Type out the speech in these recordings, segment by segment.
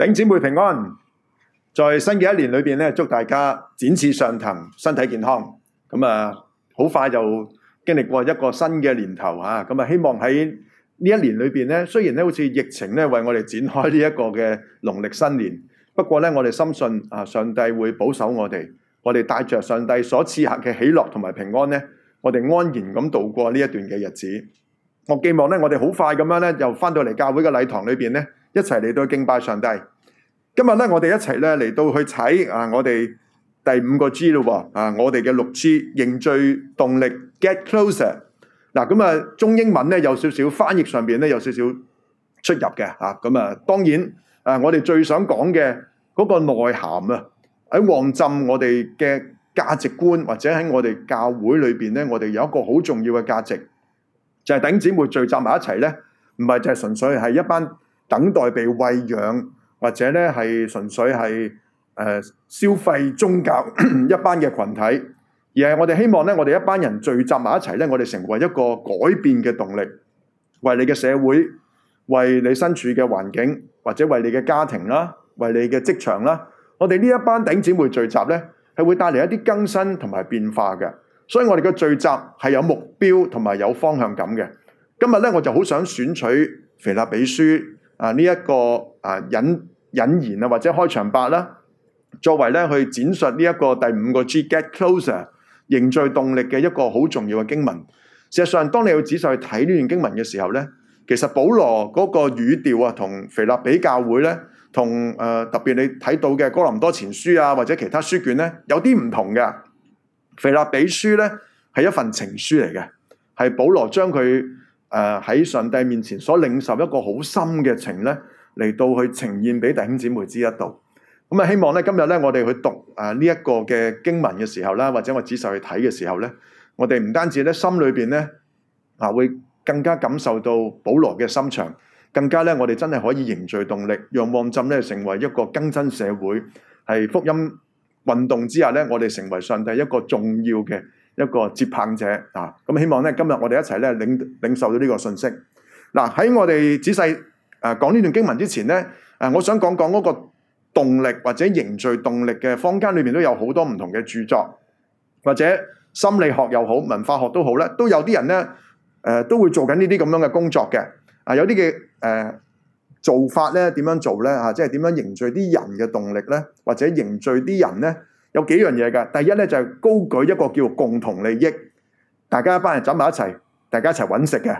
頂姐妹平安，在新嘅一年裏邊咧，祝大家展翅上騰，身體健康。咁啊，好快就經歷過一個新嘅年頭啊，咁啊，希望喺呢一年裏邊咧，雖然咧好似疫情咧為我哋展開呢一個嘅農曆新年，不過咧我哋深信啊，上帝會保守我哋，我哋帶着上帝所賜下嘅喜樂同埋平安咧，我哋安然咁度過呢一段嘅日子。我寄望咧，我哋好快咁樣咧，又返到嚟教會嘅禮堂裏邊咧。一齊嚟到敬拜上帝。今日咧，我哋一齊咧嚟到去睇啊，我哋第五個 G 咯，啊，我哋嘅六 G 凝聚動力 Get Closer。嗱，咁啊，中英文咧有少少翻譯上邊咧有少少出入嘅啊。咁啊，當然啊，我哋最想講嘅嗰個內涵啊，喺旺浸我哋嘅價值觀，或者喺我哋教會裏邊咧，我哋有一個好重要嘅價值，就係弟姊妹聚集埋一齊咧，唔係就係純粹係一班。等待被餵養，或者咧係純粹係誒、呃、消費宗教 一班嘅群體，而係我哋希望咧，我哋一班人聚集埋一齊咧，我哋成為一個改變嘅動力，為你嘅社會，為你身處嘅環境，或者為你嘅家庭啦，為你嘅職場啦，我哋呢一班頂姊妹聚集咧，係會帶嚟一啲更新同埋變化嘅。所以我哋嘅聚集係有目標同埋有方向感嘅。今日咧，我就好想選取腓立比書。啊！呢一個啊引引言啊，或者開場白啦，作為咧去展述呢一個第五個 G Get Closer 凝聚動力嘅一個好重要嘅經文。事實上，當你要仔細去睇呢段經文嘅時候咧，其實保羅嗰個語調啊，同腓立比教會咧，同誒、呃、特別你睇到嘅哥林多前書啊，或者其他書卷咧，有啲唔同嘅。腓立比書咧係一份情書嚟嘅，係保羅將佢。誒喺上帝面前所領受一個好深嘅情咧，嚟到去呈現俾弟兄姊妹之一度。咁啊，希望咧今日咧我哋去讀誒呢一個嘅經文嘅時候啦，或者我仔細去睇嘅時候咧，我哋唔單止咧心裏邊咧啊，會更加感受到保羅嘅心腸，更加咧我哋真係可以凝聚動力，讓旺浸咧成為一個更新社會，係福音運動之下咧，我哋成為上帝一個重要嘅一個接棒者啊！咁希望咧，今日我哋一齊咧領領受到呢個信息。嗱、啊，喺我哋仔細誒講呢段經文之前咧，誒、啊、我想講講嗰個動力或者凝聚動力嘅坊間裏邊都有好多唔同嘅著作，或者心理學又好、文化學都好咧，都有啲人咧誒、呃、都會做緊呢啲咁樣嘅工作嘅。啊，有啲嘅誒做法咧，點樣做咧？啊，即係點樣凝聚啲人嘅動力咧？或者凝聚啲人咧？有幾樣嘢㗎，第一咧就係、是、高舉一個叫共同利益，大家一班人走埋一齊，大家一齊揾食嘅，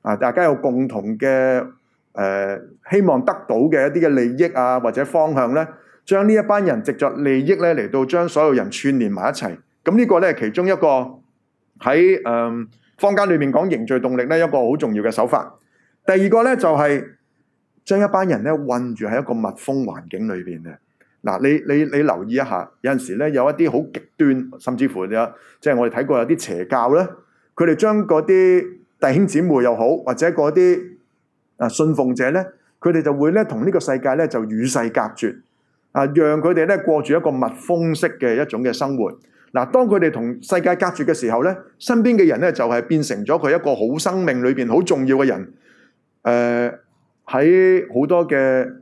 啊，大家有共同嘅誒、呃、希望得到嘅一啲嘅利益啊，或者方向咧，將呢一班人藉著利益咧嚟到將所有人串聯埋一齊，咁呢個咧其中一個喺誒、呃、坊間裏面講凝聚動力咧一個好重要嘅手法。第二個咧就係、是、將一班人咧困住喺一個密封環境裏邊嘅。嗱，你你你留意一下，有陣時咧有一啲好極端，甚至乎咧，即係我哋睇過有啲邪教咧，佢哋將嗰啲弟兄姊妹又好，或者嗰啲啊信奉者咧，佢哋就會咧同呢個世界咧就與世隔絕，啊，讓佢哋咧過住一個密封式嘅一種嘅生活。嗱，當佢哋同世界隔絕嘅時候咧，身邊嘅人咧就係變成咗佢一個好生命裏邊好重要嘅人。誒、呃，喺好多嘅。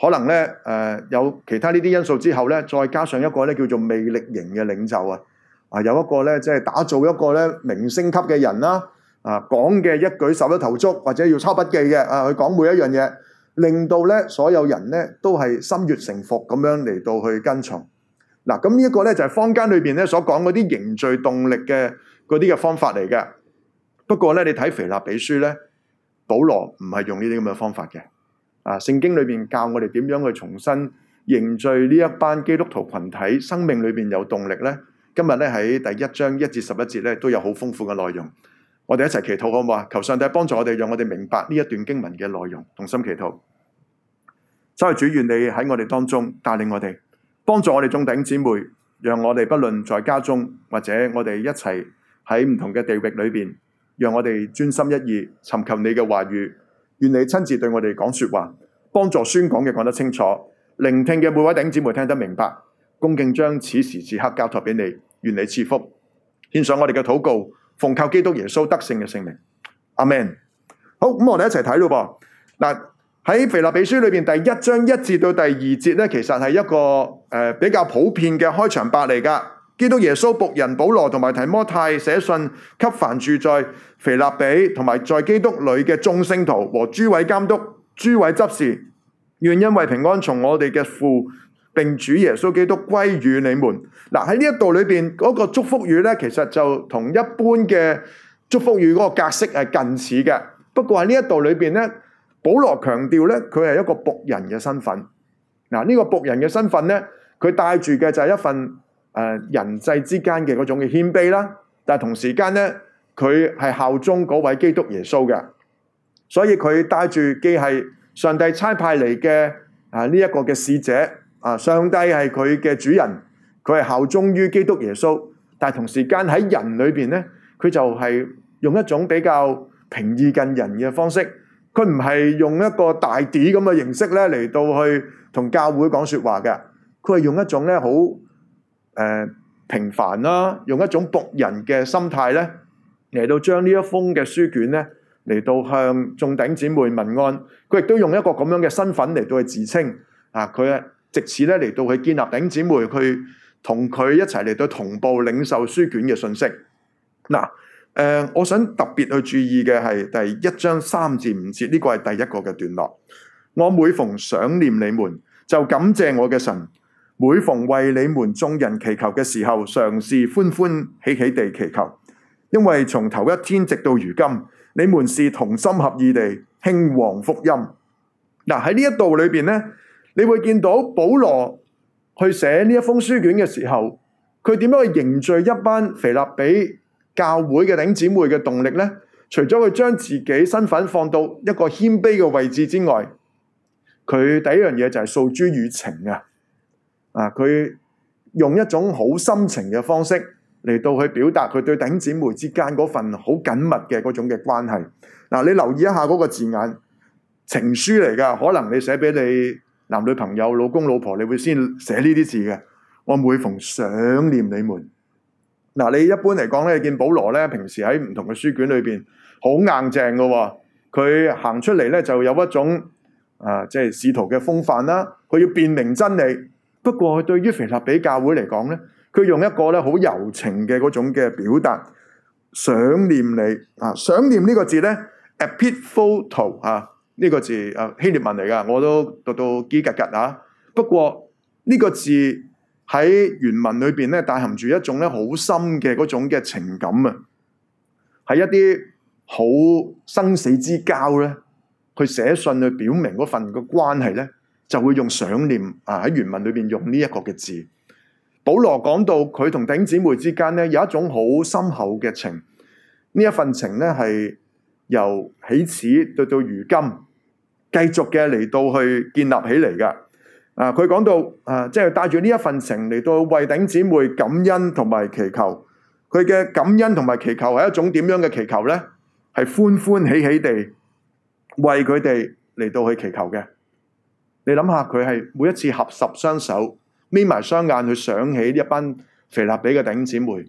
可能咧，誒、呃、有其他呢啲因素之後咧，再加上一個咧叫做魅力型嘅領袖啊，啊有一個咧即係打造一個咧明星級嘅人啦，啊講嘅一舉手一投足或者要抄筆記嘅啊去講每一樣嘢，令到咧所有人咧都係心悅誠服咁樣嚟到去跟從。嗱、啊，咁呢一個咧就係、是、坊間裏邊咧所講嗰啲凝聚動力嘅嗰啲嘅方法嚟嘅。不過咧，你睇腓立比書咧，保羅唔係用呢啲咁嘅方法嘅。啊！聖經裏邊教我哋點樣去重新凝聚呢一班基督徒群體生命裏邊有動力咧？今日咧喺第一章一至十一節咧都有好豐富嘅內容，我哋一齊祈禱好唔好啊？求上帝幫助我哋，讓我哋明白呢一段經文嘅內容，同心祈禱。所以主願你喺我哋當中帶領我哋，幫助我哋中頂姊妹，讓我哋不論在家中或者我哋一齊喺唔同嘅地域裏邊，讓我哋專心一意尋求你嘅話語。願你親自對我哋講說話，幫助宣講嘅講得清楚，聆聽嘅每位弟兄姐妹聽得明白，恭敬將此時此刻交託俾你，願你賜福。獻上我哋嘅禱告，奉靠基督耶穌得勝嘅聖名。阿 Man，好，咁我哋一齊睇咯噃。嗱，喺《腓立比書》裡面，第一章一節到第二節呢，其實係一個誒、呃、比較普遍嘅開場白嚟噶。基督耶穌僕人保羅同埋提摩太寫信給凡住在腓立比同埋在基督裏嘅眾聖徒和諸位監督、諸位執事，願因為平安從我哋嘅父並主耶穌基督歸於你們。嗱，喺呢一度裏邊嗰、那個祝福語咧，其實就同一般嘅祝福語嗰個格式係近似嘅。不過喺呢一度裏邊咧，保羅強調咧佢係一個僕人嘅身份。嗱、啊、呢、這個僕人嘅身份咧，佢帶住嘅就係一份。誒，人際之間嘅嗰種嘅謙卑啦，但係同時間咧，佢係效忠嗰位基督耶穌嘅，所以佢帶住既係上帝差派嚟嘅啊呢一個嘅使者啊，上帝係佢嘅主人，佢係效忠於基督耶穌，但係同時間喺人裏邊咧，佢就係用一種比較平易近人嘅方式，佢唔係用一個大碟咁嘅形式咧嚟到去同教會講說話嘅，佢係用一種咧好。誒、呃，平凡啦、啊，用一種僕人嘅心態咧，嚟到將呢一封嘅書卷咧，嚟到向眾弟兄姊妹問安。佢亦都用一個咁樣嘅身份嚟到去自稱啊，佢啊，藉此咧嚟到去建立弟兄姊妹，佢同佢一齊嚟到同步領受書卷嘅信息。嗱，誒、呃，我想特別去注意嘅係第一章三至五節，呢、這個係第一個嘅段落。我每逢想念你們，就感謝我嘅神。每逢為你們眾人祈求嘅時候，嘗試歡歡喜喜地祈求，因為從頭一天直到如今，你們是同心合意地興旺福音。嗱，喺呢一度裏邊呢，你會見到保羅去寫呢一封書卷嘅時候，佢點樣去凝聚一班腓立比教會嘅領姊妹嘅動力呢？除咗佢將自己身份放到一個謙卑嘅位置之外，佢第一樣嘢就係訴諸於情啊！啊！佢用一種好深情嘅方式嚟到去表達佢對頂姊妹之間嗰份好緊密嘅嗰種嘅關係。嗱、啊，你留意一下嗰個字眼，情書嚟噶。可能你寫俾你男女朋友、老公、老婆，你會先寫呢啲字嘅。我每逢想念你們。嗱、啊，你一般嚟講咧，你見保羅咧，平時喺唔同嘅書卷裏邊好硬正噶、哦。佢行出嚟咧，就有一種啊，即係使徒嘅風範啦。佢要辨明真理。不過對於腓立比教會嚟講咧，佢用一個咧好柔情嘅嗰種嘅表達，想念你啊！想念呢個字咧 e p i t p h o t o 啊，呢個字啊希臘文嚟噶，我都讀到幾夾夾啊。不過呢個字喺原文裏邊咧，帶含住一種咧好深嘅嗰種嘅情感啊，係一啲好生死之交咧，去寫信去表明嗰份嘅關係咧。就會用想念啊，喺原文裏邊用呢一個嘅字。保羅講到佢同頂姊妹之間咧有一種好深厚嘅情，呢一份情咧係由起始到到如今，繼續嘅嚟到去建立起嚟嘅。啊，佢講到啊，即係帶住呢一份情嚟到為頂姊妹感恩同埋祈求。佢嘅感恩同埋祈求係一種點樣嘅祈求咧？係歡歡喜喜地為佢哋嚟到去祈求嘅。你諗下佢係每一次合十雙手，眯埋雙眼去想起呢一班腓立比嘅頂姊妹，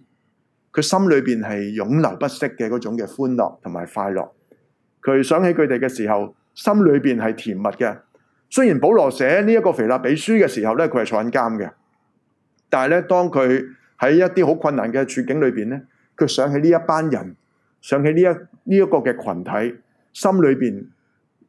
佢心裏邊係湧流不息嘅嗰種嘅歡樂同埋快樂。佢想起佢哋嘅時候，心裏邊係甜蜜嘅。雖然保羅寫呢一個腓立比書嘅時候咧，佢係坐緊監嘅，但係咧，當佢喺一啲好困難嘅處境裏邊咧，佢想起呢一班人，想起呢一呢一，呢個嘅群體，心裏邊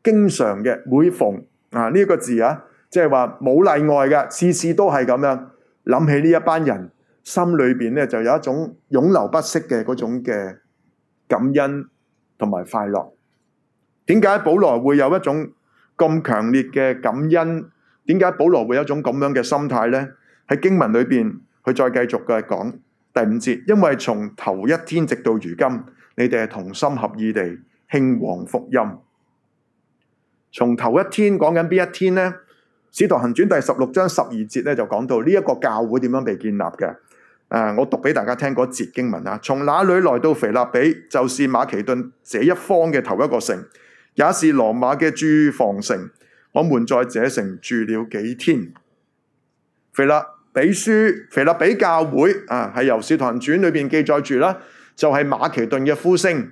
經常嘅每逢啊！呢一個字啊，即係話冇例外嘅，次次都係咁樣諗起呢一班人，心裏邊咧就有一種湧流不息嘅嗰種嘅感恩同埋快樂。點解保羅會有一種咁強烈嘅感恩？點解保羅會有一種咁樣嘅心態呢？喺經文裏邊，佢再繼續嘅講第五節，因為從頭一天直到如今，你哋係同心合意地興旺福音。從頭一天講緊邊一天呢？《使徒行傳》第十六章十二節咧就講到呢一個教會點樣被建立嘅。誒、呃，我讀俾大家聽嗰節經文啊。從那裏來到腓立比？就是馬其頓這一方嘅頭一個城，也是羅馬嘅駐防城。我們在這城住了幾天。腓立比書，腓立比教會啊，係、呃、由《使徒行傳》裏邊記載住啦，就係、是、馬其頓嘅呼聲。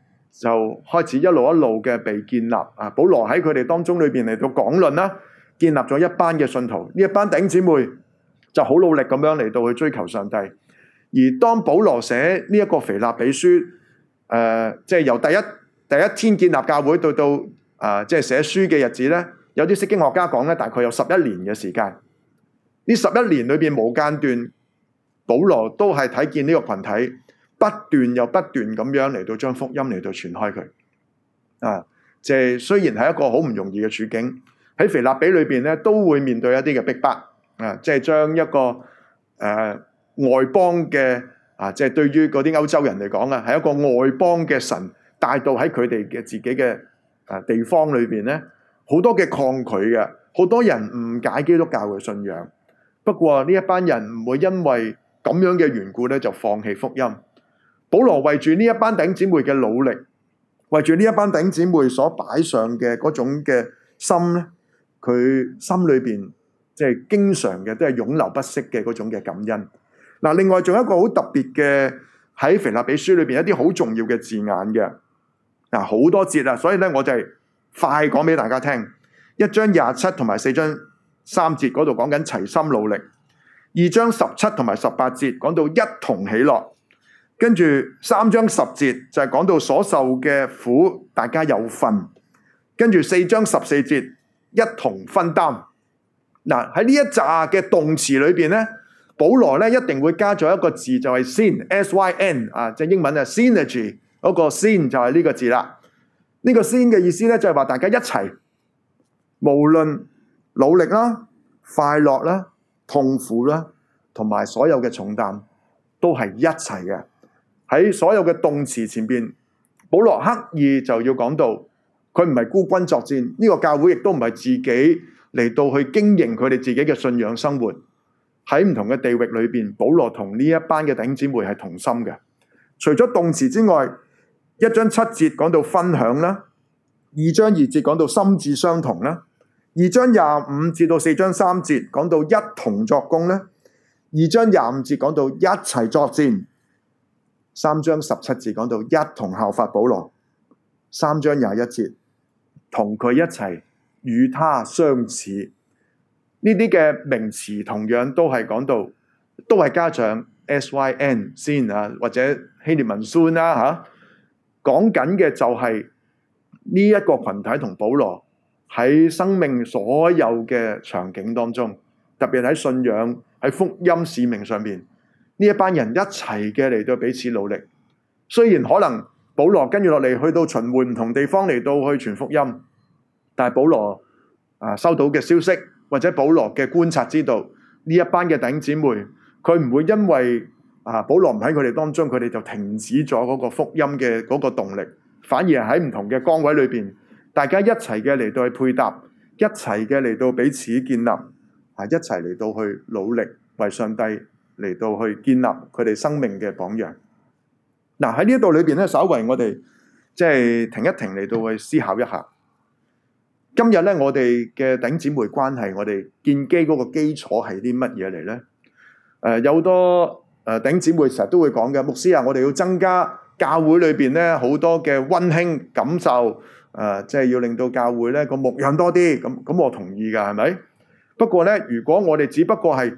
就開始一路一路嘅被建立啊！保羅喺佢哋當中裏邊嚟到講論啦，建立咗一班嘅信徒。呢一班弟兄姊妹就好努力咁樣嚟到去追求上帝。而當保羅寫呢一個腓立比書，誒，即係由第一第一天建立教會到到啊，即係寫書嘅日子咧，有啲聖經學家講咧，大概有十一年嘅時間。呢十一年裏邊冇間斷，保羅都係睇見呢個群體。不斷又不斷咁樣嚟到將福音嚟到傳開佢，啊，即係雖然係一個好唔容易嘅處境，喺腓立比裏邊咧都會面對一啲嘅逼迫，啊，即係將一個誒外邦嘅啊，即係對於嗰啲歐洲人嚟講啊，係一個外邦嘅神帶到喺佢哋嘅自己嘅啊地方裏邊咧，好多嘅抗拒嘅，好多人誤解基督教嘅信仰。不過呢一班人唔會因為咁樣嘅緣故咧就放棄福音。保羅為住呢一班頂姊妹嘅努力，為住呢一班頂姊妹所擺上嘅嗰種嘅心咧，佢心裏邊即係經常嘅都係湧流不息嘅嗰種嘅感恩。嗱，另外仲有一個好特別嘅喺腓立比書裏邊一啲好重要嘅字眼嘅，嗱，好多節啦，所以咧我就係快講俾大家聽，一章廿七同埋四章三節嗰度講緊齊心努力，二章十七同埋十八節講到一同喜樂。跟住三章十節就係講到所受嘅苦，大家有份。跟住四章十四節，一同分擔。嗱喺呢一紮嘅動詞裏邊咧，保羅咧一定會加咗一個字，就係 syn，s y n 啊，即係英文啊，synergy 嗰個 syn 就係呢個字啦。呢個 syn 嘅意思咧就係話大家一齊，無論努力啦、快樂啦、痛苦啦，同埋所有嘅重擔都係一齊嘅。喺所有嘅動詞前邊，保羅刻意就要講到，佢唔係孤軍作戰，呢個教會亦都唔係自己嚟到去經營佢哋自己嘅信仰生活。喺唔同嘅地域裏邊，保羅同呢一班嘅弟兄姊妹係同心嘅。除咗動詞之外，一章七節講到分享啦，二章二節講到心智相同啦，二章廿五至到四章三節講到一同作工咧，二章廿五節講到一齊作戰。三章十七節講到一同效法保羅，三章廿一節同佢一齊與他相似，呢啲嘅名詞同樣都係講到都係加上 syn 先啊，或者希列文書啦吓，講緊嘅就係呢一個群體同保羅喺生命所有嘅場景當中，特別喺信仰喺福音使命上面。呢一班人一齊嘅嚟到彼此努力，雖然可能保羅跟住落嚟去到巡迴唔同地方嚟到去傳福音，但係保羅啊收到嘅消息或者保羅嘅觀察知道呢一班嘅弟兄姊妹，佢唔會因為啊保羅唔喺佢哋當中，佢哋就停止咗嗰個福音嘅嗰個動力，反而喺唔同嘅崗位裏邊，大家一齊嘅嚟到去配搭，一齊嘅嚟到彼此建立，吓、啊、一齊嚟到去努力為上帝，嚟到去建立佢哋生命嘅榜樣。嗱，喺呢一度裏邊咧，稍為我哋即係停一停嚟到去思考一下。今日咧，我哋嘅弟姊妹關係，我哋建基嗰個基礎係啲乜嘢嚟咧？誒，有好多誒弟姊妹成日都會講嘅，牧師啊，我哋要增加教會裏邊咧好多嘅溫馨感受。誒，即係要令到教會咧個牧養多啲。咁，咁我同意噶，係咪？不過咧，如果我哋只不過係。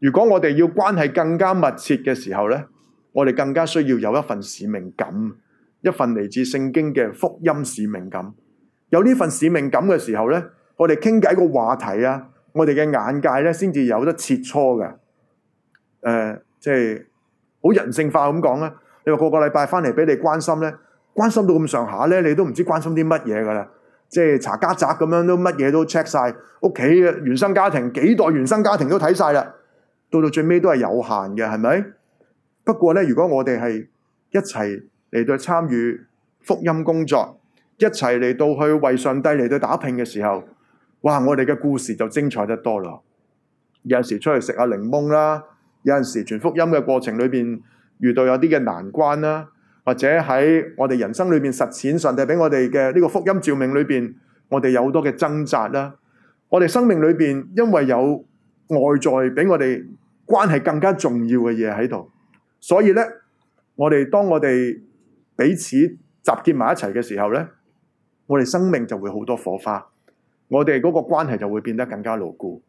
如果我哋要關係更加密切嘅時候咧，我哋更加需要有一份使命感，一份嚟自聖經嘅福音使命感。有呢份使命感嘅時候咧，我哋傾偈個話題啊，我哋嘅眼界咧先至有得切磋嘅。誒、呃，即係好人性化咁講咧，你話個個禮拜翻嚟俾你關心咧，關心到咁上下咧，你都唔知關心啲乜嘢噶啦。即係查家宅咁樣都乜嘢都 check 晒屋企嘅原生家庭，幾代原生家庭都睇晒啦。到到最尾都係有限嘅，係咪？不過呢，如果我哋係一齊嚟到參與福音工作，一齊嚟到去為上帝嚟到打拼嘅時候，哇！我哋嘅故事就精彩得多啦。有陣時出去食下檸檬啦，有陣時傳福音嘅過程裏邊遇到有啲嘅難關啦，或者喺我哋人生裏邊實踐上帝俾我哋嘅呢個福音召命裏邊，我哋有好多嘅掙扎啦。我哋生命裏邊因為有外在比我哋關係更加重要嘅嘢喺度，所以呢，我哋當我哋彼此集結埋一齊嘅時候呢，我哋生命就會好多火花，我哋嗰個關係就會變得更加牢固。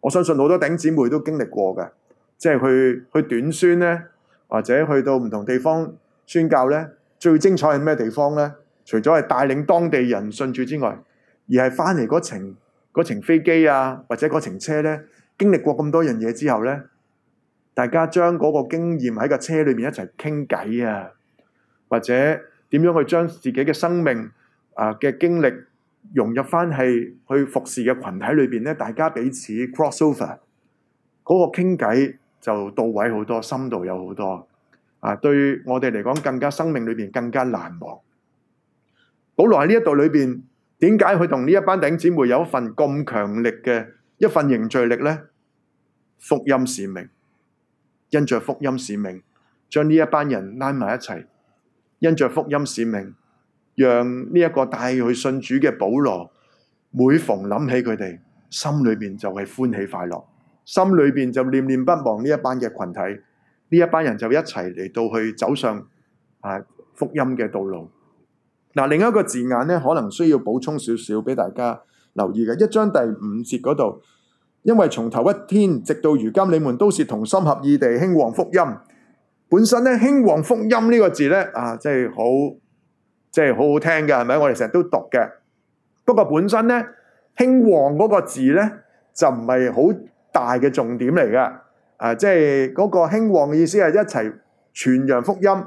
我相信好多頂姊妹都經歷過嘅，即係去去短宣呢，或者去到唔同地方宣教呢。最精彩係咩地方呢？除咗係帶領當地人信主之外，而係翻嚟嗰程。嗰程飛機啊，或者嗰程車咧，經歷過咁多樣嘢之後咧，大家將嗰個經驗喺架車裏邊一齊傾偈啊，或者點樣去將自己嘅生命啊嘅經歷融入翻係去服侍嘅群體裏邊咧，大家彼此 cross over，嗰個傾偈就到位好多，深度有好多啊，對我哋嚟講更加生命裏邊更加難忘。保羅喺呢一度裏邊。點解佢同呢一班弟兄姊妹有一份咁強力嘅一份凝聚力呢？福音使命，因着福音使命，將呢一班人拉埋一齊，因着福音使命，讓呢一個帶去信主嘅保羅，每逢諗起佢哋，心裏邊就係歡喜快樂，心裏邊就念念不忘呢一班嘅群體，呢一班人就一齊嚟到去走上啊福音嘅道路。嗱，另一個字眼咧，可能需要補充少少俾大家留意嘅，一章第五節嗰度，因為從頭一天直到如今，你們都是同心合意地興旺福音。本身咧，興旺福音呢個字咧，啊，即係好，即係好好聽嘅，係咪？我哋成日都讀嘅。不過本身咧，興旺嗰個字咧，就唔係好大嘅重點嚟嘅。啊，即係嗰個興旺嘅意思係一齊傳揚福音。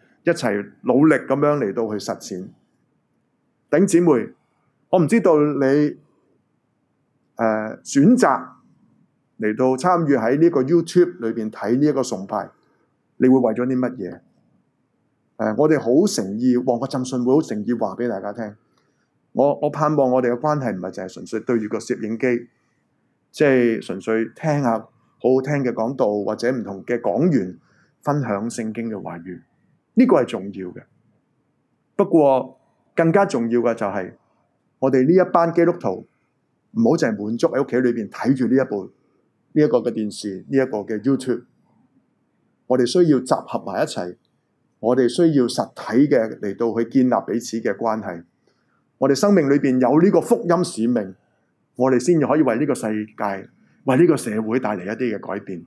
一齊努力咁樣嚟到去實踐，頂姊妹，我唔知道你誒、呃、選擇嚟到參與喺呢個 YouTube 裏邊睇呢一個崇拜，你會為咗啲乜嘢？誒、呃，我哋好誠意，旺角浸信會好誠意話俾大家聽。我我盼望我哋嘅關係唔係淨係純粹對住個攝影機，即係純粹聽下好好聽嘅講道，或者唔同嘅講員分享聖經嘅話語。呢個係重要嘅，不過更加重要嘅就係我哋呢一班基督徒唔好淨係滿足喺屋企裏邊睇住呢一部呢一個嘅電視，呢一個嘅 YouTube，我哋需要集合埋一齊，我哋需要實體嘅嚟到去建立彼此嘅關係。我哋生命裏邊有呢個福音使命，我哋先至可以為呢個世界、為呢個社會帶嚟一啲嘅改變。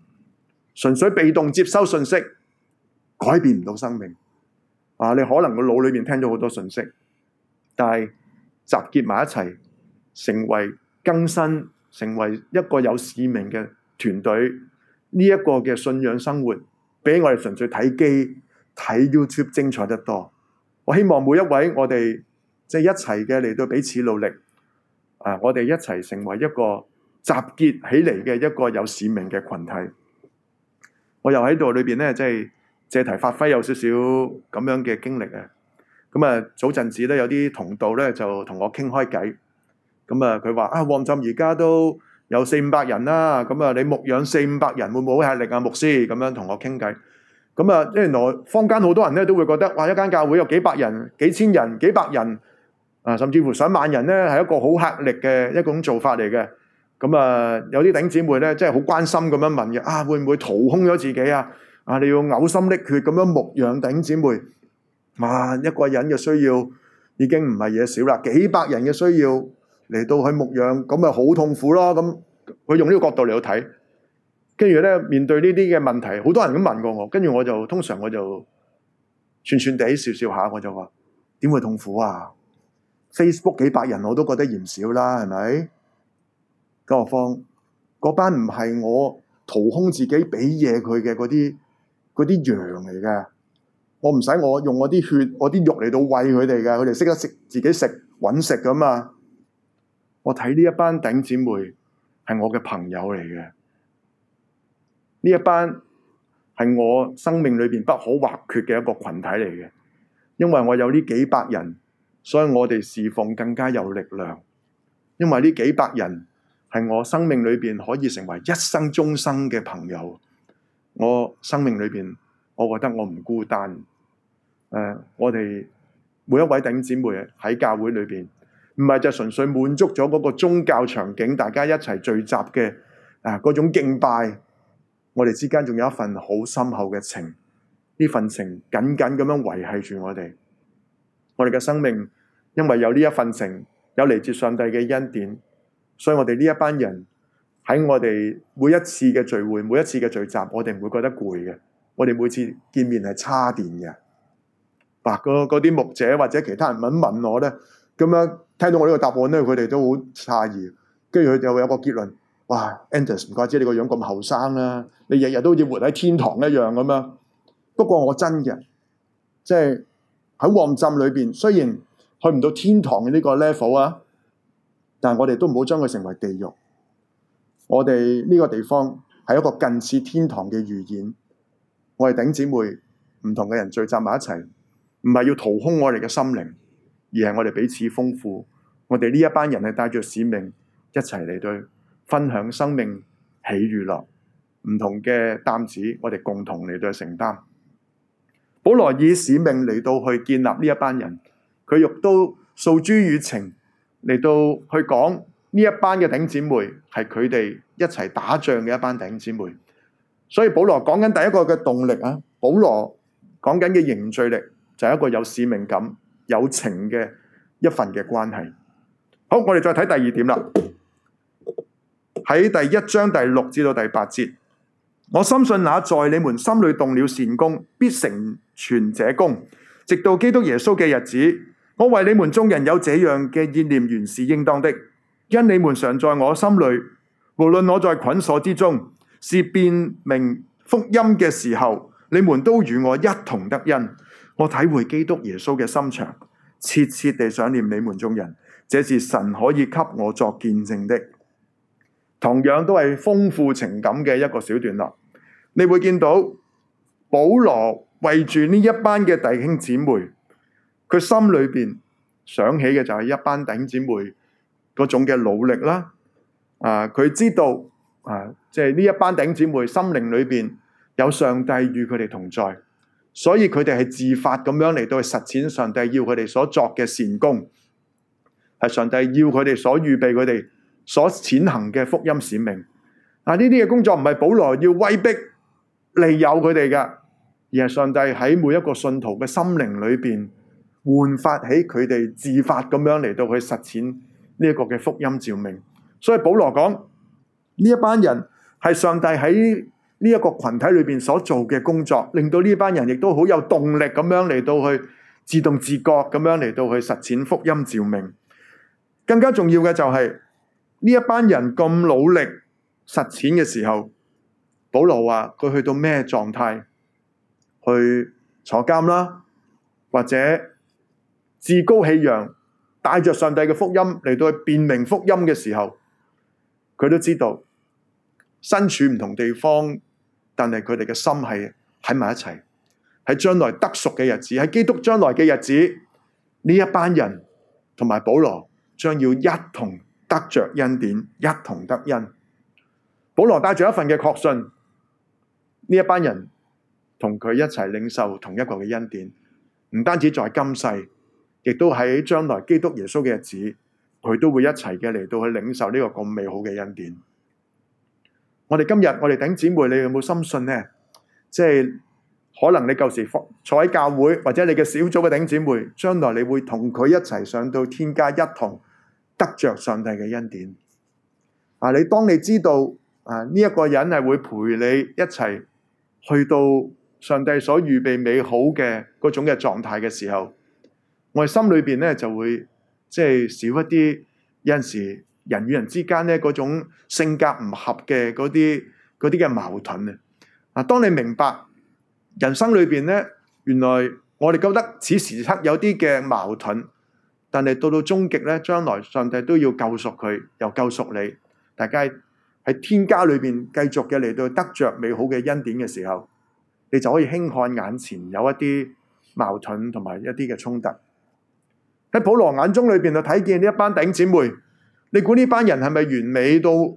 純粹被動接收信息，改變唔到生命，啊！你可能個腦裡面聽咗好多信息，但係集結埋一齊，成為更新，成為一個有使命嘅團隊。呢一個嘅信仰生活，比我哋純粹睇機睇 YouTube 精彩得多。我希望每一位我哋即係一齊嘅嚟到彼此努力，啊！我哋一齊成為一個集結起嚟嘅一個有使命嘅群體。我又喺度裡邊咧，即係。，借題發揮有少少咁樣嘅經歷啊！咁啊，早陣子咧有啲同道咧就同我傾開偈，咁啊佢話啊，旺浸而家都有四五百人啦，咁啊你牧養四五百人會唔會好吃力啊？牧師咁樣同我傾偈，咁啊即係來坊間好多人咧都會覺得哇，一間教會有幾百人、幾千人、幾百人啊，甚至乎上萬人咧係一個好吃力嘅一種做法嚟嘅。咁啊有啲頂姊妹咧真係好關心咁樣問嘅啊，會唔會掏空咗自己啊？啊！你要嘔心瀝血咁樣牧養弟兄姊妹，哇！一個人嘅需要已經唔係嘢少啦，幾百人嘅需要嚟到去牧養，咁咪好痛苦咯？咁佢用呢個角度嚟去睇，跟住咧面對呢啲嘅問題，好多人咁問過我，跟住我就通常我就串串地笑笑下，我就話：點會痛苦啊？Facebook 幾百人我都覺得嫌少啦，係咪？更何況嗰班唔係我掏空自己俾嘢佢嘅嗰啲。嗰啲羊嚟嘅，我唔使我用我啲血、我啲肉嚟到餵佢哋嘅，佢哋識得食自己，自己食、揾食㗎嘛。我睇呢一班頂姊妹係我嘅朋友嚟嘅，呢一班係我生命裏邊不可或缺嘅一個群體嚟嘅。因為我有呢幾百人，所以我哋侍奉更加有力量。因為呢幾百人係我生命裏邊可以成為一生終生嘅朋友。我生命裏邊，我覺得我唔孤單。呃、我哋每一位弟兄姊妹喺教會裏邊，唔係就是純粹滿足咗嗰個宗教場景，大家一齊聚集嘅嗰、呃、種敬拜。我哋之間仲有一份好深厚嘅情，呢份情緊緊咁樣維繫住我哋。我哋嘅生命因為有呢一份情，有嚟自上帝嘅恩典，所以我哋呢一班人。喺我哋每一次嘅聚會，每一次嘅聚集，我哋唔會覺得攰嘅。我哋每次見面係差電嘅。嗱，嗰啲牧者或者其他人問問我咧，咁樣聽到我呢個答案咧，佢哋都好詫異。跟住佢哋會有個結論：哇 Anders 唔怪之，你個樣咁後生啦，你日日都好似活喺天堂一樣咁樣。不過我真嘅，即係喺旺浸裏邊，雖然去唔到天堂嘅呢個 level 啊，但係我哋都唔好將佢成為地獄。我哋呢個地方係一個近似天堂嘅預演，我哋頂姊妹唔同嘅人聚集埋一齊，唔係要掏空我哋嘅心靈，而係我哋彼此豐富。我哋呢一班人係帶着使命一齊嚟到分享生命喜與樂，唔同嘅擔子我哋共同嚟到承擔。保羅以使命嚟到去建立呢一班人，佢亦都訴諸於情嚟到去講。呢一,一班嘅頂姊妹係佢哋一齊打仗嘅一班頂姊妹，所以保羅講緊第一個嘅動力啊，保羅講緊嘅凝聚力就係一個有使命感、有情嘅一份嘅關係。好，我哋再睇第二點啦。喺第一章第六至到第八節，我深信那在你們心裏動了善工，必成全這工。」直到基督耶穌嘅日子。我為你們眾人有這樣嘅意念，原是應當的。因你們常在我心裏，無論我在捆鎖之中，是辨明福音嘅時候，你們都與我一同得恩。我體會基督耶穌嘅心腸，切切地想念你們眾人，這是神可以給我作見證的。同樣都係豐富情感嘅一個小段落，你會見到保羅圍住呢一班嘅弟兄姊妹，佢心裏邊想起嘅就係一班頂姊妹。嗰種嘅努力啦，啊，佢知道啊，即係呢一班弟兄姊妹心靈裏邊有上帝與佢哋同在，所以佢哋係自發咁樣嚟到去實踐上帝要佢哋所作嘅善功，係上帝要佢哋所預備佢哋所踐行嘅福音使命。啊，呢啲嘅工作唔係保羅要威逼利誘佢哋噶，而係上帝喺每一個信徒嘅心靈裏邊喚發起佢哋自發咁樣嚟到去實踐。呢一個嘅福音照明，所以保羅講呢一班人係上帝喺呢一個群體裏邊所做嘅工作，令到呢班人亦都好有動力咁樣嚟到去自動自覺咁樣嚟到去實踐福音照明。更加重要嘅就係呢一班人咁努力實踐嘅時候，保羅話佢去到咩狀態？去坐監啦，或者趾高氣揚。帶着上帝嘅福音嚟到去辨明福音嘅時候，佢都知道身處唔同地方，但係佢哋嘅心係喺埋一齊。喺將來得贖嘅日子，喺基督將來嘅日子，呢一班人同埋保羅將要一同得着恩典，一同得恩。保羅帶住一份嘅確信，呢一班人同佢一齊領受同一個嘅恩典，唔單止在今世。亦都喺將來基督耶穌嘅日子，佢都會一齊嘅嚟到去領受呢個咁美好嘅恩典。我哋今日，我哋頂姊妹，你有冇深信呢？即係可能你舊時坐喺教會或者你嘅小組嘅頂姊妹，將來你會同佢一齊上到天家，一同得着上帝嘅恩典。啊！你當你知道啊呢一個人係會陪你一齊去到上帝所預備美好嘅嗰種嘅狀態嘅時候。我哋心裏邊咧就會即係少一啲，有陣時人與人之間咧嗰種性格唔合嘅嗰啲嗰啲嘅矛盾啊！嗱，當你明白人生裏邊咧，原來我哋覺得此時刻有啲嘅矛盾，但係到到終極咧，將來上帝都要救贖佢，又救贖你，大家喺天家裏邊繼續嘅嚟到得着美好嘅恩典嘅時候，你就可以輕看眼前有一啲矛盾同埋一啲嘅衝突。喺保羅眼中裏面就睇見呢一班弟姐妹，你估呢班人係咪完美到誒，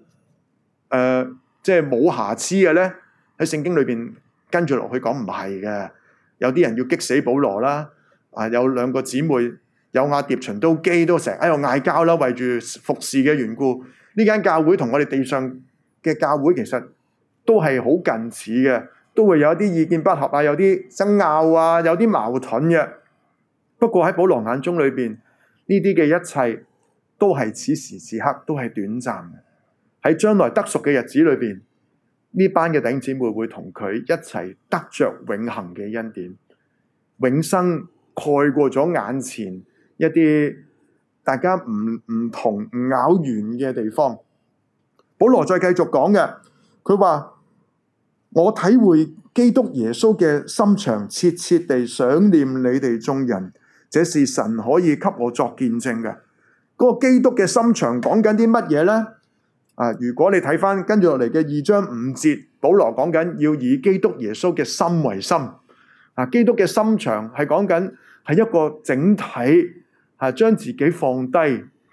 即係冇瑕疵嘅呢？喺聖經裏面跟住落去講，唔係嘅，有啲人要激死保羅啦，啊有兩個姐妹有阿爹、循都基都成日喺度嗌交啦，為住服侍嘅緣故，呢間教會同我哋地上嘅教會其實都係好近似嘅，都會有啲意見不合啊，有啲爭拗啊，有啲矛盾嘅。不過喺保羅眼中裏邊，呢啲嘅一切都係此時此刻都係短暫嘅。喺將來得贖嘅日子裏邊，呢班嘅弟兄姊妹會同佢一齊得着永恒嘅恩典，永生蓋過咗眼前一啲大家唔唔同唔咬完嘅地方。保羅再繼續講嘅，佢話：我體會基督耶穌嘅心腸，切切地想念你哋眾人。這是神可以給我作見證嘅，嗰、那個基督嘅心腸講緊啲乜嘢呢？啊，如果你睇返跟住落嚟嘅二章五節，保羅講緊要以基督耶穌嘅心為心。啊，基督嘅心腸係講緊係一個整體，係、啊、將自己放低、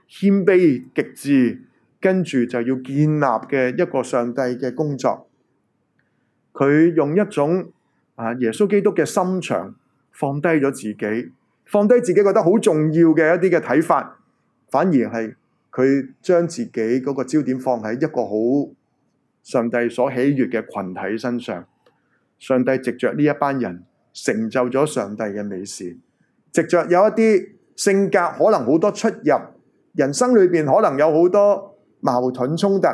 謙卑、極致，跟住就要建立嘅一個上帝嘅工作。佢用一種啊耶穌基督嘅心腸放低咗自己。放低自己覺得好重要嘅一啲嘅睇法，反而係佢將自己嗰個焦點放喺一個好上帝所喜悅嘅群體身上。上帝藉着呢一班人成就咗上帝嘅美善，藉着有一啲性格可能好多出入，人生裏邊可能有好多矛盾衝突，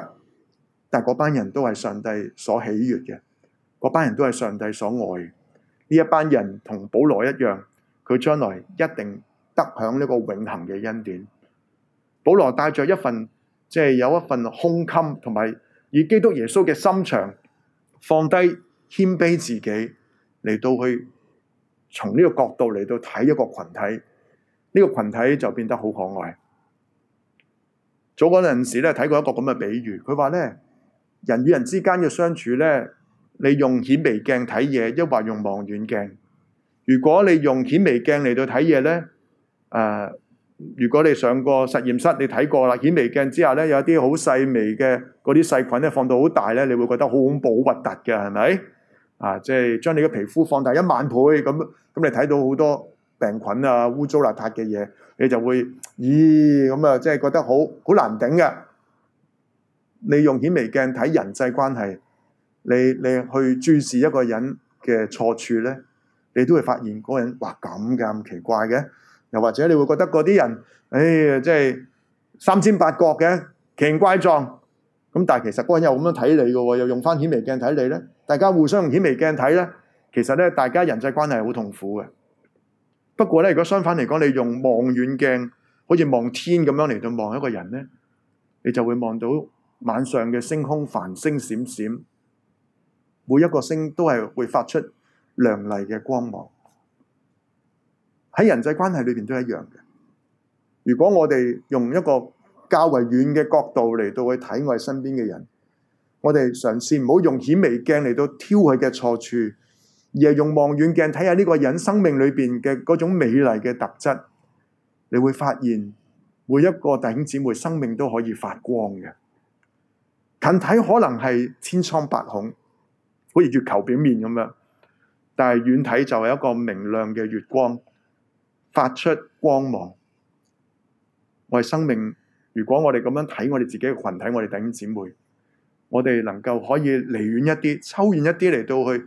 但嗰班人都係上帝所喜悅嘅，嗰班人都係上帝所愛。呢一班人同保羅一樣。佢將來一定得享呢個永恆嘅恩典。保羅帶着一份即係、就是、有一份胸襟，同埋以基督耶穌嘅心腸放低謙卑自己嚟到去從呢個角度嚟到睇一個群體，呢、呢個群體就變得好可愛。早嗰陣時咧睇過一個咁嘅比喻，佢話咧，人與人之間嘅相處咧，你用顯微鏡睇嘢，抑或用望遠鏡？如果你用顯微鏡嚟到睇嘢呢，誒、呃，如果你上過實驗室，你睇過啦，顯微鏡之下呢，有啲好細微嘅嗰啲細菌咧，放到好大呢，你會覺得好恐怖、好核突嘅，係咪？啊，即係將你嘅皮膚放大一萬倍，咁咁你睇到好多病菌啊、污糟邋遢嘅嘢，你就會，咦，咁啊，即係覺得好好難頂嘅。你用顯微鏡睇人際關係，你你去注視一個人嘅錯處呢？你都會發現嗰個人，哇咁嘅咁奇怪嘅，又或者你會覺得嗰啲人，唉，即係三尖八角嘅奇形怪狀。咁但係其實嗰個人又咁樣睇你嘅喎，又用返顯微鏡睇你咧。大家互相用顯微鏡睇咧，其實咧大家人際關係係好痛苦嘅。不過咧，如果相反嚟講，你用望遠鏡，好似望天咁樣嚟到望一個人咧，你就會望到晚上嘅星空，繁星閃閃，每一個星都係會發出亮麗嘅光芒，喺人際關係裏邊都一樣嘅。如果我哋用一個較為遠嘅角度嚟到去睇我哋身邊嘅人，我哋嘗試唔好用顯微鏡嚟到挑佢嘅錯處，而係用望遠鏡睇下呢個人生命裏邊嘅嗰種美麗嘅特質，你會發現每一個弟兄姊妹生命都可以發光嘅。近睇可能係千瘡百孔，好似月球表面咁樣。但係遠睇就係一個明亮嘅月光，發出光芒。為生命，如果我哋咁樣睇我哋自己嘅群體，我哋弟兄姊妹，我哋能夠可以離遠一啲，抽遠一啲嚟到去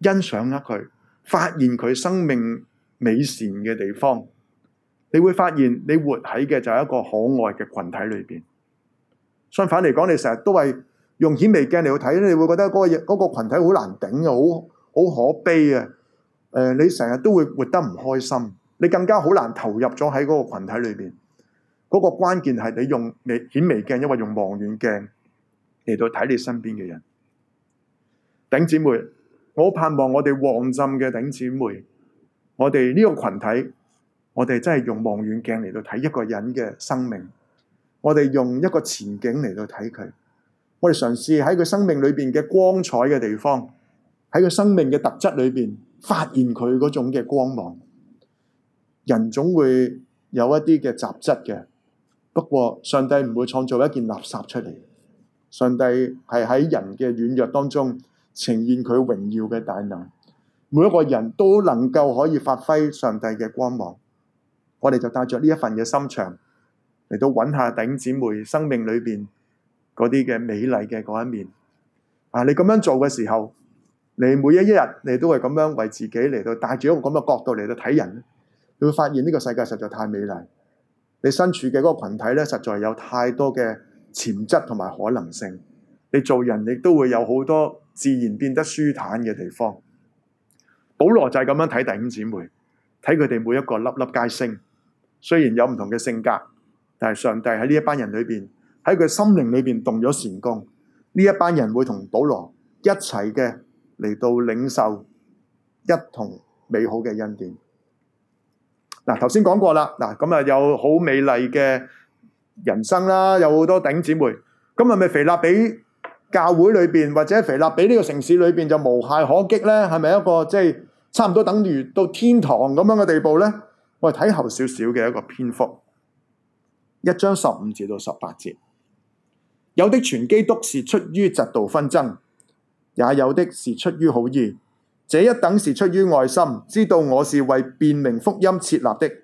欣賞啊佢，發現佢生命美善嘅地方。你會發現你活喺嘅就係一個可愛嘅群體裏邊。相反嚟講，你成日都係用顯微鏡嚟去睇，你會覺得嗰、嗰個、嗰個群體好難頂好。好可悲啊！誒、呃，你成日都會活得唔開心，你更加好難投入咗喺嗰個羣體裏邊。嗰、那個關鍵係你用微顯微鏡，又或者用望遠鏡嚟到睇你身邊嘅人。頂姊妹，我好盼望我哋旺浸嘅頂姊妹，我哋呢個群體，我哋真係用望遠鏡嚟到睇一個人嘅生命。我哋用一個前景嚟到睇佢，我哋嘗試喺佢生命裏邊嘅光彩嘅地方。喺佢生命嘅特質裏邊，發現佢嗰種嘅光芒。人總會有一啲嘅雜質嘅，不過上帝唔會創造一件垃圾出嚟。上帝係喺人嘅軟弱當中呈現佢榮耀嘅大能。每一個人都能夠可以發揮上帝嘅光芒。我哋就帶着呢一份嘅心腸嚟到揾下弟兄姊妹生命裏邊嗰啲嘅美麗嘅嗰一面啊。你咁樣做嘅時候。你每一日，你都係咁樣為自己嚟到帶住一個咁嘅角度嚟到睇人，你會發現呢個世界實在太美麗。你身處嘅嗰個群體咧，實在有太多嘅潛質同埋可能性。你做人亦都會有好多自然變得舒坦嘅地方。保羅就係咁樣睇弟兄姊妹，睇佢哋每一個粒粒皆星。雖然有唔同嘅性格，但係上帝喺呢一班人裏邊喺佢心靈裏邊動咗善工，呢一班人會同保羅一齊嘅。嚟到領受一同美好嘅恩典。嗱，頭先講過啦，嗱，咁啊有好美麗嘅人生啦，有好多頂姊妹，咁係咪腓立比教會裏邊或者腓立比呢個城市裏邊就無懈可擊咧？係咪一個即係、就是、差唔多等於到天堂咁樣嘅地步咧？我哋睇後少少嘅一個篇幅，一章十五節到十八節，有的傳基督是出於嫉妒紛爭。也有的是出於好意，這一等是出於愛心，知道我是為辨明福音設立的。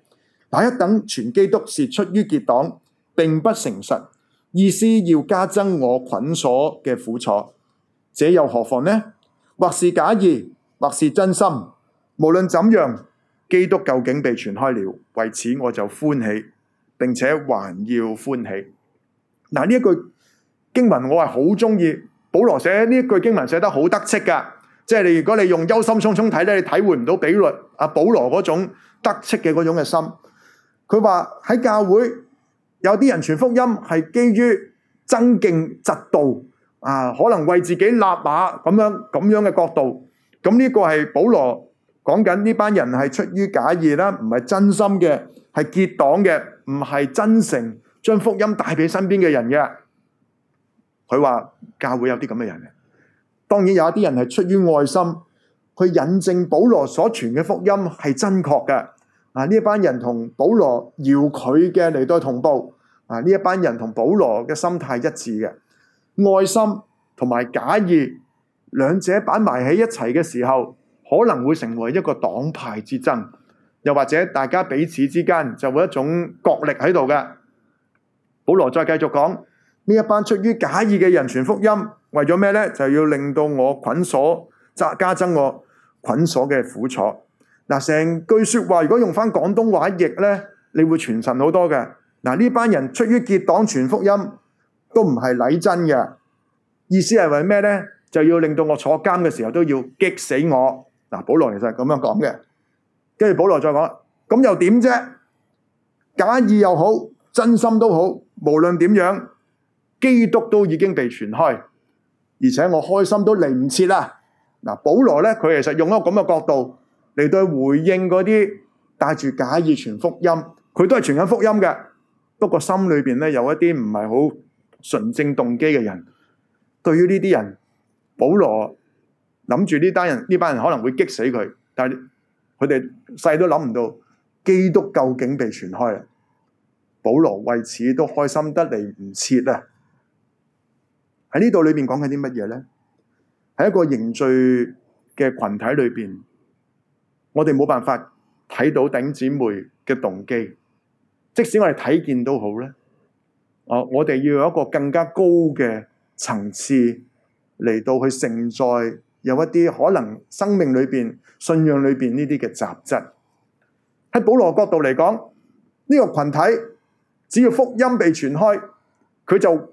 那一等全基督是出於結黨，並不誠實，意思要加增我捆鎖嘅苦楚。這又何妨呢？或是假意，或是真心，無論怎樣，基督究竟被傳開了，為此我就歡喜，並且還要歡喜。嗱，呢一句經文我係好中意。保羅寫呢句經文寫得好得戚㗎，即係你如果你用憂心忡忡睇咧，你體會唔到比率。阿、啊、保羅嗰種得戚嘅嗰種嘅心。佢話喺教會有啲人傳福音係基於增敬、嫉妒啊，可能為自己立馬咁樣咁樣嘅角度，咁、嗯、呢、這個係保羅講緊呢班人係出於假意啦，唔係真心嘅，係結黨嘅，唔係真誠將福音帶俾身邊嘅人嘅。佢話教會有啲咁嘅人嘅，當然有一啲人係出於愛心去引證保羅所傳嘅福音係真確嘅。啊，呢一班人同保羅要佢嘅嚟到同步。啊，呢一班人同保羅嘅心態一致嘅，愛心同埋假意兩者擺埋喺一齊嘅時候，可能會成為一個黨派之爭，又或者大家彼此之間就會一種角力喺度嘅。保羅再繼續講。呢一班出於假意嘅人傳福音，為咗咩呢？就要令到我捆鎖、加加增我捆鎖嘅苦楚。嗱，成句説話如果用返廣東話譯呢，你會傳神好多嘅。嗱，呢班人出於結黨傳福音，都唔係禮真嘅。意思係為咩呢？就要令到我坐監嘅時候都要激死我。嗱，保羅其實係咁樣講嘅，跟住保羅再講，咁又點啫？假意又好，真心都好，無論點樣。基督都已經被傳開，而且我開心都嚟唔切啦。嗱，保羅咧，佢其實用一個咁嘅角度嚟對回應嗰啲帶住假意傳福音，佢都係傳緊福音嘅，不過心裏邊咧有一啲唔係好純正動機嘅人。對於呢啲人，保羅諗住呢單人呢班人可能會激死佢，但係佢哋細都諗唔到基督究竟被傳開啦。保羅為此都開心得嚟唔切啊！喺呢度裏邊講緊啲乜嘢咧？喺一個凝聚嘅群體裏邊，我哋冇辦法睇到頂姊妹嘅動機，即使我哋睇見都好咧。哦，我哋要有一個更加高嘅層次嚟到去承載有一啲可能生命裏邊、信仰裏邊呢啲嘅雜質。喺保羅角度嚟講，呢個群體只要福音被傳開，佢就。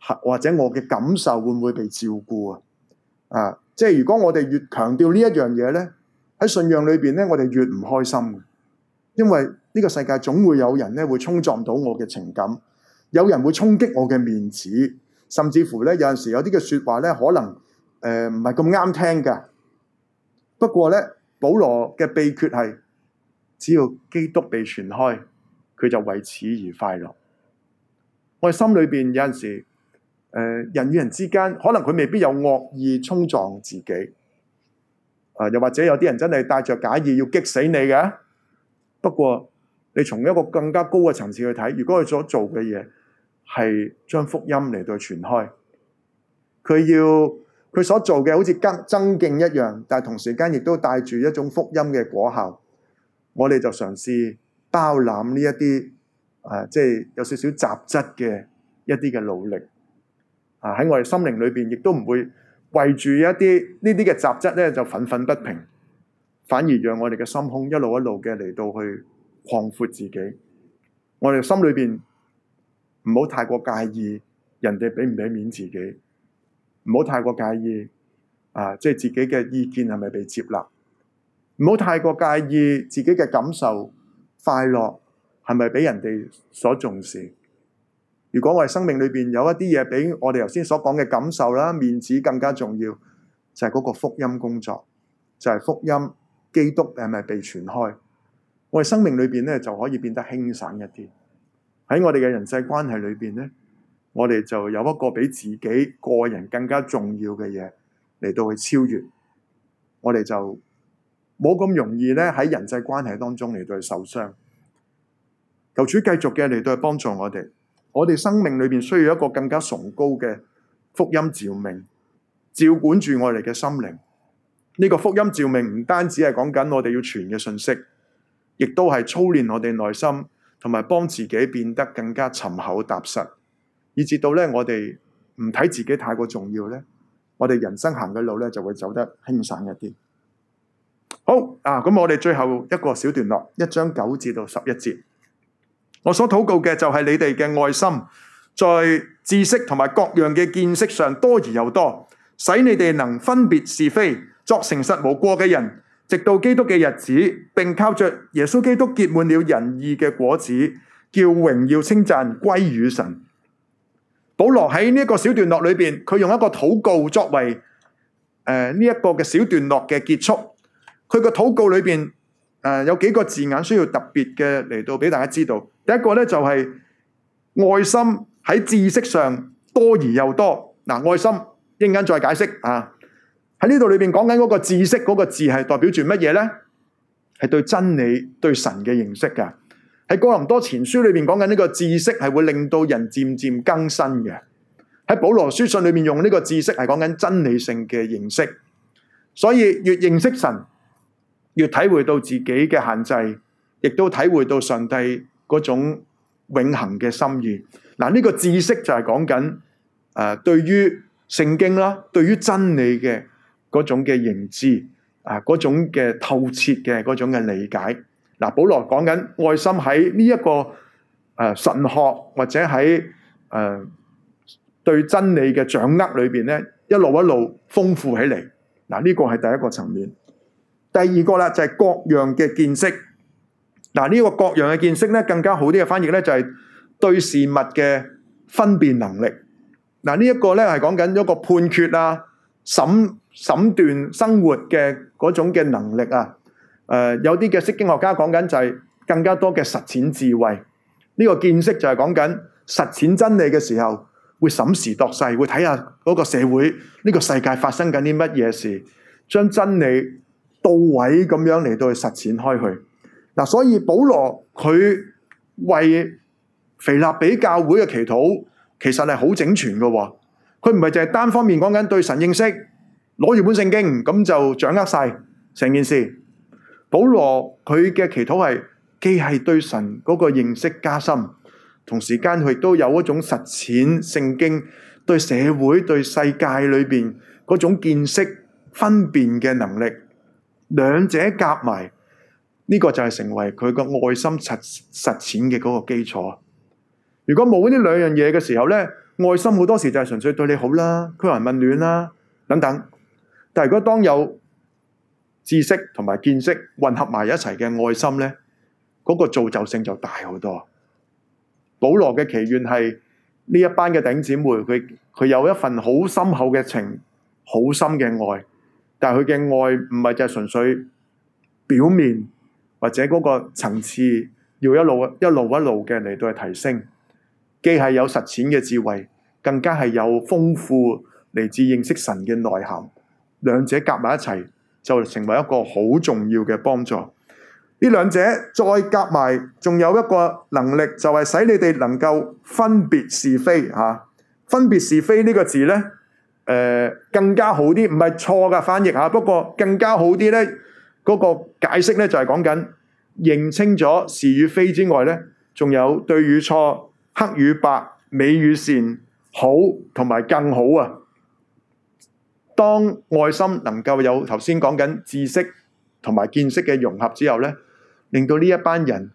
或者我嘅感受會唔會被照顧啊？啊，即係如果我哋越強調呢一樣嘢呢，喺信仰裏邊呢，我哋越唔開心。因為呢個世界總會有人呢會衝撞到我嘅情感，有人會衝擊我嘅面子，甚至乎呢，有陣時有啲嘅說話呢，可能誒唔係咁啱聽嘅。不過呢，保羅嘅秘訣係只要基督被傳開，佢就為此而快樂。我心裏邊有陣時。誒、呃，人與人之間，可能佢未必有惡意衝撞自己，啊、呃，又或者有啲人真係帶着假意要激死你嘅。不過，你從一個更加高嘅層次去睇，如果佢所做嘅嘢係將福音嚟到傳開，佢要佢所做嘅好似爭競一樣，但係同時間亦都帶住一種福音嘅果效。我哋就嘗試包攬呢一啲，啊、呃，即、就、係、是、有少少雜質嘅一啲嘅努力。啊！喺我哋心靈裏邊，亦都唔會為住一啲呢啲嘅雜質咧，就憤憤不平，反而讓我哋嘅心胸一路一路嘅嚟到去擴闊自己。我哋心裏邊唔好太過介意人哋俾唔俾面自己，唔好太過介意啊！即係自己嘅意見係咪被接納？唔好太過介意自己嘅感受、快樂係咪俾人哋所重視？如果我哋生命裏邊有一啲嘢比我哋頭先所講嘅感受啦、面子更加重要，就係嗰個福音工作，就係福音基督係咪被傳開？我哋生命裏邊咧就可以變得輕省一啲。喺我哋嘅人際關係裏邊咧，我哋就有一個比自己個人更加重要嘅嘢嚟到去超越，我哋就冇咁容易咧喺人際關係當中嚟到去受傷。求主繼續嘅嚟到去幫助我哋。我哋生命裏面需要一個更加崇高嘅福音照明，照管住我哋嘅心靈。呢、這個福音照明唔單止係講緊我哋要傳嘅信息，亦都係操練我哋內心，同埋幫自己變得更加沉厚踏實。以至到咧，我哋唔睇自己太過重要咧，我哋人生行嘅路咧就會走得輕省一啲。好啊，咁我哋最後一個小段落，一章九至到十一節。我所禱告嘅就係你哋嘅愛心，在知識同埋各樣嘅見識上多而又多，使你哋能分別是非，作誠實無過嘅人，直到基督嘅日子，並靠着耶穌基督結滿了仁義嘅果子，叫榮耀稱讚歸與神。保羅喺呢一個小段落裏邊，佢用一個禱告作為誒呢一個嘅小段落嘅結束，佢個禱告裏邊。誒、呃、有幾個字眼需要特別嘅嚟到俾大家知道。第一個咧就係、是、愛心喺知識上多而又多。嗱，愛心一陣間再解釋啊。喺呢度裏邊講緊嗰個知識嗰、那個字係代表住乜嘢呢？係對真理對神嘅認識㗎。喺哥林多前書裏邊講緊呢個知識係會令到人漸漸更新嘅。喺保羅書信裏面用呢個知識係講緊真理性嘅認識。所以越認識神。要體會到自己嘅限制，亦都體會到上帝嗰種永恆嘅心意。嗱，呢個知識就係講緊誒對於聖經啦，對於真理嘅嗰種嘅認知啊，嗰、呃、種嘅透徹嘅嗰種嘅理解。嗱、呃，保羅講緊愛心喺呢一個誒、呃、神學或者喺誒、呃、對真理嘅掌握裏邊咧，一路一路豐富起嚟。嗱、呃，呢、這個係第一個層面。第二個啦，就係各樣嘅見識。嗱，呢個各樣嘅見識咧，更加好啲嘅翻譯咧，就係對事物嘅分辨能力。嗱，呢一個咧係講緊一個判決啊、審審斷生活嘅嗰種嘅能力啊。誒、呃，有啲嘅釋經學家講緊就係更加多嘅實踐智慧。呢個見識就係講緊實踐真理嘅時候，會審時度勢，會睇下嗰個社會呢個世界發生緊啲乜嘢事，將真理。到位咁樣嚟到去實踐開佢，嗱，所以保羅佢為腓立比教會嘅祈禱，其實係好整全嘅。佢唔係淨係單方面講緊對神認識，攞住本聖經咁就掌握晒成件事。保羅佢嘅祈禱係既係對神嗰個認識加深，同時間佢亦都有一種實踐聖經對社會對世界裏邊嗰種見識分辨嘅能力。兩者夾埋，呢個就係成為佢個愛心實實踐嘅嗰個基礎。如果冇呢兩樣嘢嘅時候呢，愛心好多時就係純粹對你好啦，噓寒問暖啦等等。但如果當有知識同埋見識混合埋一齊嘅愛心呢，嗰個造就性就大好多。保羅嘅祈願係呢一班嘅頂姊妹，佢佢有一份好深厚嘅情，好深嘅愛。但係佢嘅愛唔係就係純粹表面或者嗰個層次，要一路一路一路嘅嚟到去提升，既係有實踐嘅智慧，更加係有豐富嚟自認識神嘅內涵，兩者夾埋一齊就成為一個好重要嘅幫助。呢兩者再夾埋，仲有一個能力就係使你哋能夠分別是非吓，分別是非呢個字咧。誒、呃，更加好啲，唔係錯㗎翻譯吓，不過更加好啲咧，嗰、那個解釋咧就係講緊認清咗是與非之外咧，仲有對與錯、黑與白、美與善、好同埋更好啊！當愛心能夠有頭先講緊知識同埋見識嘅融合之後咧，令到呢一班人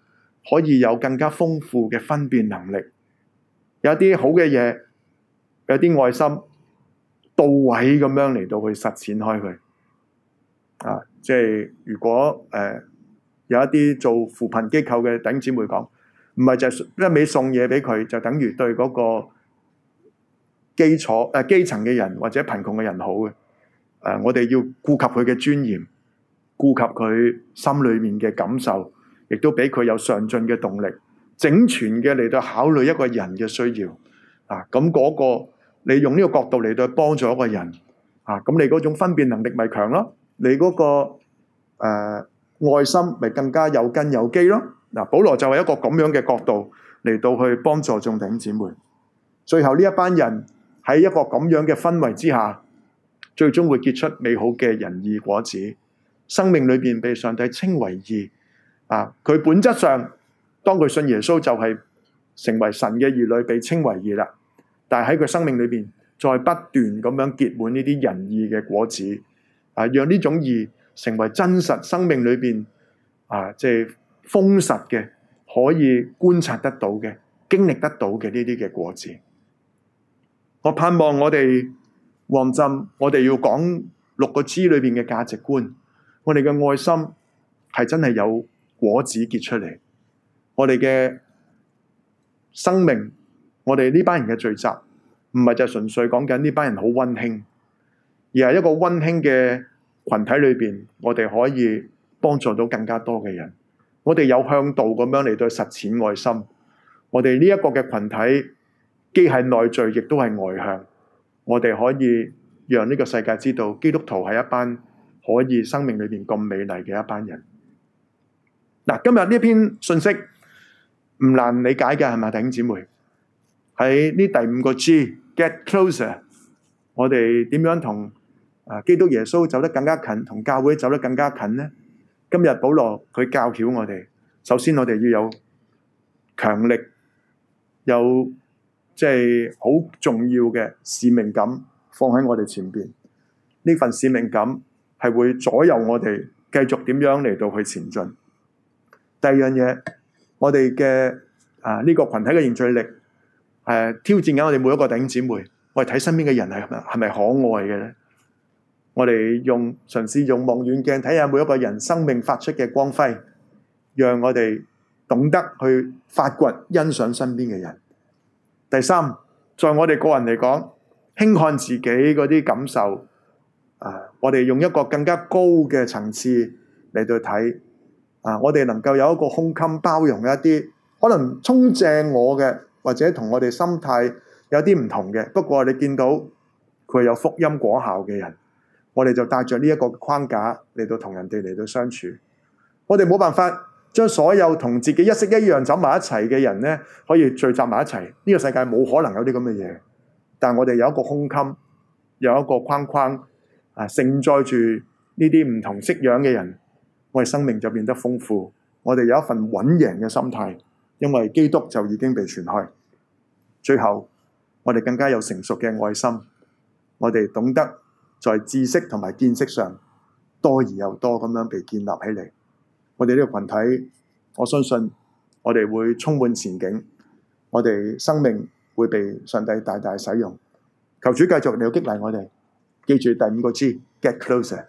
可以有更加豐富嘅分辨能力，有啲好嘅嘢，有啲愛心。到位咁樣嚟到去實踐開佢啊！即係如果誒有一啲做扶貧機構嘅弟兄姊妹講，唔係就係一味送嘢俾佢，就等於對嗰個基礎誒基層嘅人或者貧窮嘅人好嘅。誒，我哋要顧及佢嘅尊嚴，顧及佢心裏面嘅感受，亦都俾佢有上進嘅動力，整全嘅嚟到考慮一個人嘅需要啊！咁嗰個。你用呢個角度嚟到去幫助一個人，啊，咁你嗰種分辨能力咪強咯，你嗰、嗰個誒、呃、愛心咪更加有根有基咯。嗱，保羅就係一個咁樣嘅角度嚟到去幫助眾弟兄姊妹。最後呢一班人喺一個咁樣嘅氛圍之下，最終會結出美好嘅仁義果子。生命裏邊被上帝稱為義啊，佢本質上當佢信耶穌就係成為神嘅兒女，被稱為義啦。但係喺佢生命裏邊，再不斷咁樣結滿呢啲仁義嘅果子，啊，讓呢種義成為真實生命裏邊啊，即係封實嘅，可以觀察得到嘅、經歷得到嘅呢啲嘅果子。我盼望我哋旺浸，我哋要講六個 G 裏邊嘅價值觀，我哋嘅愛心係真係有果子結出嚟，我哋嘅生命。我哋呢班人嘅聚集，唔係就是純粹講緊呢班人好溫馨，而係一個溫馨嘅群體裏邊，我哋可以幫助到更加多嘅人。我哋有向導咁樣嚟到實踐愛心。我哋呢一個嘅群體，既係內聚亦都係外向。我哋可以讓呢個世界知道，基督徒係一班可以生命裏邊咁美麗嘅一班人。嗱，今日呢篇信息唔難理解嘅，係咪，弟兄姊妹？喺呢第五個 G, Get Closer, 我哋點樣同基督耶穌走得更加近,同教會走得更加近呢?今日保羅,佢教曉我哋,首先我哋要有強力,有即係好重要嘅使命感放喺我哋前面,呢份使命感係會左右我哋繼續點樣嚟到去前進。第二樣嘢,我哋嘅呢個群體嘅凝聚力,誒，挑戰緊我哋每一個弟兄姊妹。我哋睇身邊嘅人係咪係咪可愛嘅咧？我哋用嘗試用望遠鏡睇下每一個人生命發出嘅光輝，讓我哋懂得去發掘、欣賞身邊嘅人。第三，在我哋個人嚟講，輕看自己嗰啲感受。啊，我哋用一個更加高嘅層次嚟到睇。啊，我哋能夠有一個胸襟包容一啲可能衝正我嘅。或者我同我哋心態有啲唔同嘅，不過你見到佢有福音果效嘅人，我哋就帶着呢一個框架嚟到同人哋嚟到相處。我哋冇辦法將所有同自己一式一樣走埋一齊嘅人呢，可以聚集埋一齊。呢、這個世界冇可能有啲咁嘅嘢。但我哋有一個胸襟，有一個框框啊，盛載住呢啲唔同式樣嘅人，我哋生命就變得豐富。我哋有一份穩贏嘅心態。因為基督就已經被傳開，最後我哋更加有成熟嘅愛心，我哋懂得在知識同埋見識上多而又多咁樣被建立起嚟，我哋呢個群體，我相信我哋會充滿前景，我哋生命會被上帝大大使用，求主繼續嚟激勵我哋，記住第五個 G，Get Closer。